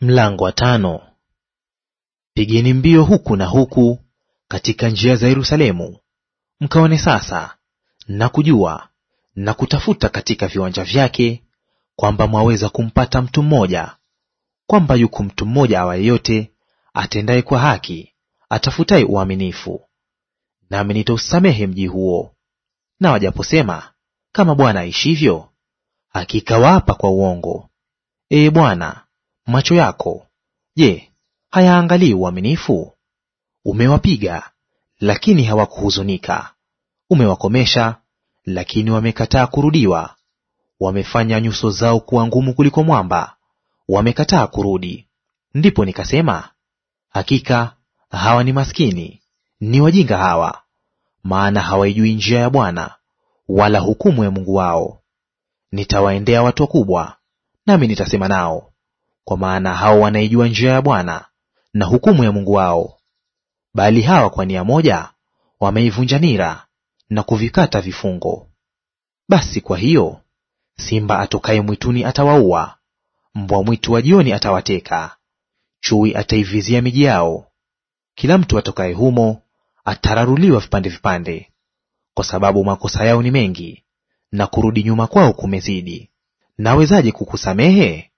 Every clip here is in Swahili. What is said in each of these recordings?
Mlango wa tano. Pigeni mbio huku na huku katika njia za Yerusalemu, mkaone sasa na kujua na kutafuta katika viwanja vyake, kwamba mwaweza kumpata mtu mmoja, kwamba yuko mtu mmoja awaye yote atendaye kwa haki, atafutaye uaminifu, nami nitausamehe mji huo. Na wajaposema kama Bwana aishivyo, hakika waapa kwa uongo. Ee Bwana, Macho yako, je, hayaangalii uaminifu? Umewapiga, lakini hawakuhuzunika; umewakomesha, lakini wamekataa kurudiwa. Wamefanya nyuso zao kuwa ngumu kuliko mwamba, wamekataa kurudi. Ndipo nikasema, hakika hawa ni maskini, ni wajinga hawa, maana hawaijui njia ya Bwana, wala hukumu ya Mungu wao. Nitawaendea watu wakubwa, nami nitasema nao kwa maana hao wanaijua njia ya Bwana na hukumu ya Mungu wao. Bali hawa kwa nia moja wameivunja nira na kuvikata vifungo. Basi kwa hiyo simba atokaye mwituni atawaua, mbwa mwitu wa jioni atawateka, chui ataivizia miji yao. Kila mtu atokaye humo atararuliwa vipande vipande, kwa sababu makosa yao ni mengi na kurudi nyuma kwao kumezidi. Nawezaje kukusamehe?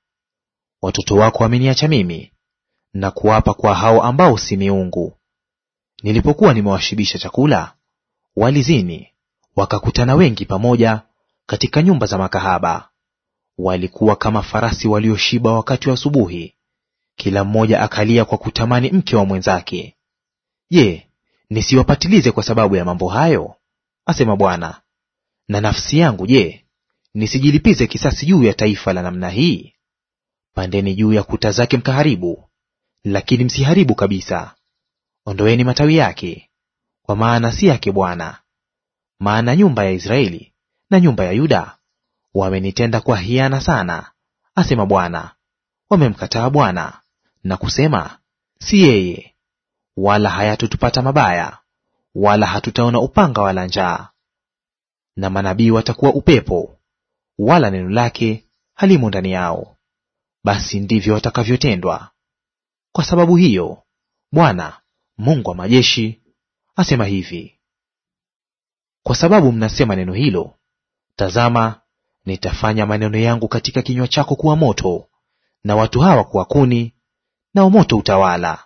watoto wako wameniacha mimi na kuapa kwa hao ambao si miungu. Nilipokuwa nimewashibisha chakula, walizini wakakutana wengi pamoja katika nyumba za makahaba. Walikuwa kama farasi walioshiba wakati wa asubuhi, kila mmoja akalia kwa kutamani mke wa mwenzake. Je, nisiwapatilize kwa sababu ya mambo hayo? asema Bwana. Na nafsi yangu je, nisijilipize kisasi juu ya taifa la namna hii? Pandeni juu ya kuta zake mkaharibu, lakini msiharibu kabisa. Ondoeni matawi yake, kwa maana si yake Bwana. Maana nyumba ya Israeli na nyumba ya Yuda wamenitenda kwa hiana sana, asema Bwana. Wamemkataa Bwana na kusema, si yeye; wala hayatutupata mabaya, wala hatutaona upanga wala njaa. Na manabii watakuwa upepo, wala neno lake halimo ndani yao basi ndivyo watakavyotendwa. Kwa sababu hiyo Bwana Mungu wa majeshi asema hivi, kwa sababu mnasema neno hilo, tazama, nitafanya maneno yangu katika kinywa chako kuwa moto, na watu hawa kuwa kuni, nao moto utawala.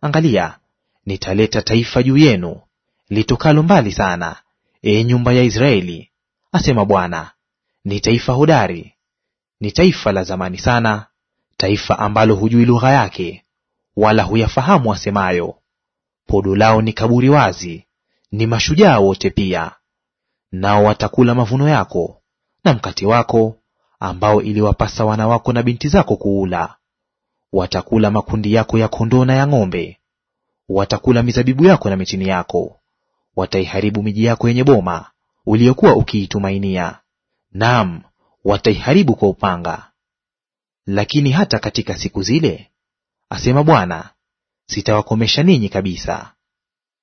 Angalia, nitaleta taifa juu yenu litokalo mbali sana, e nyumba ya Israeli, asema Bwana. Ni taifa hodari ni taifa la zamani sana, taifa ambalo hujui lugha yake, wala huyafahamu asemayo Podo lao ni kaburi wazi, ni mashujaa wote pia. Nao watakula mavuno yako na mkate wako ambao iliwapasa wana wako na binti zako kuula. Watakula makundi yako ya kondoo na ya ng'ombe, watakula mizabibu yako na mitini yako. Wataiharibu miji yako yenye boma uliyokuwa ukiitumainia. Naam, wataiharibu kwa upanga. Lakini hata katika siku zile, asema Bwana, sitawakomesha ninyi kabisa.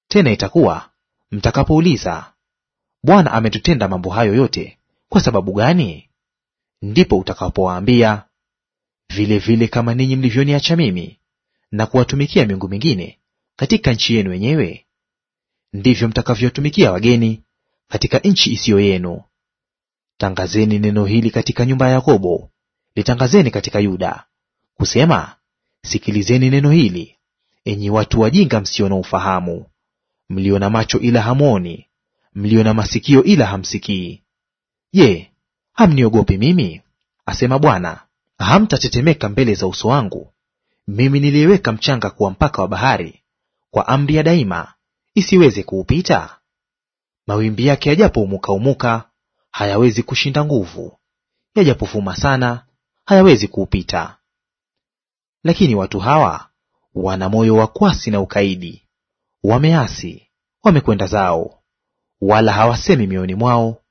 Tena itakuwa mtakapouliza, Bwana ametutenda mambo hayo yote kwa sababu gani? Ndipo utakapowaambia, vile vile kama ninyi mlivyoniacha mimi na kuwatumikia miungu mingine katika nchi yenu wenyewe, ndivyo mtakavyotumikia wageni katika nchi isiyo yenu. Tangazeni neno hili katika nyumba ya Yakobo, litangazeni katika Yuda, kusema, sikilizeni neno hili, enyi watu wajinga msio na ufahamu, mlio na macho ila hamwoni, mlio na masikio ila hamsikii. Je, hamniogopi mimi? asema Bwana. Hamtatetemeka mbele za uso wangu, mimi niliyeweka mchanga kuwa mpaka wa bahari, kwa amri ya daima isiweze kuupita? Mawimbi yake umuka hayawezi kushinda nguvu, yajapovuma sana hayawezi kuupita. Lakini watu hawa wana moyo wa kwasi na ukaidi, wameasi, wamekwenda zao, wala hawasemi mioyoni mwao,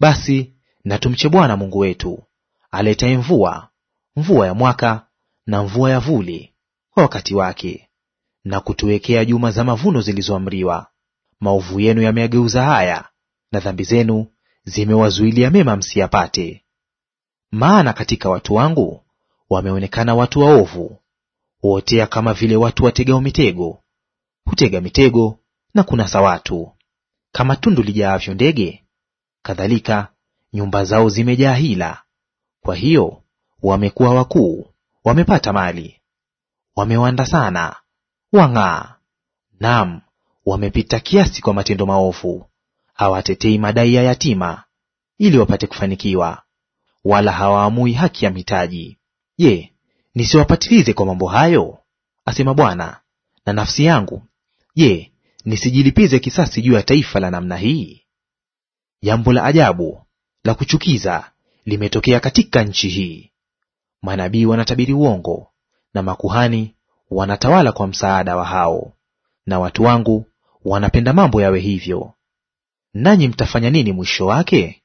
basi na tumche Bwana Mungu wetu aletaye mvua, mvua ya mwaka na mvua ya vuli kwa wakati wake, na kutuwekea juma za mavuno zilizoamriwa. Maovu yenu yameageuza haya, na dhambi zenu zimewazuilia mema msiyapate. Maana katika watu wangu wameonekana watu waovu, huotea kama vile watu wategao mitego; hutega mitego na kunasa watu. Kama tundu lijaavyo ndege, kadhalika nyumba zao zimejaa hila. Kwa hiyo wamekuwa wakuu, wamepata mali, wamewanda sana, wang'aa; naam, wamepita kiasi kwa matendo maovu hawatetei madai ya yatima ili wapate kufanikiwa, wala hawaamui haki ya mhitaji. Je, nisiwapatilize kwa mambo hayo? asema Bwana. Na nafsi yangu, je, nisijilipize kisasi juu ya taifa la namna hii? Jambo la ajabu la kuchukiza limetokea katika nchi hii. Manabii wanatabiri uongo, na makuhani wanatawala kwa msaada wa hao, na watu wangu wanapenda mambo yawe hivyo nanyi mtafanya nini mwisho wake?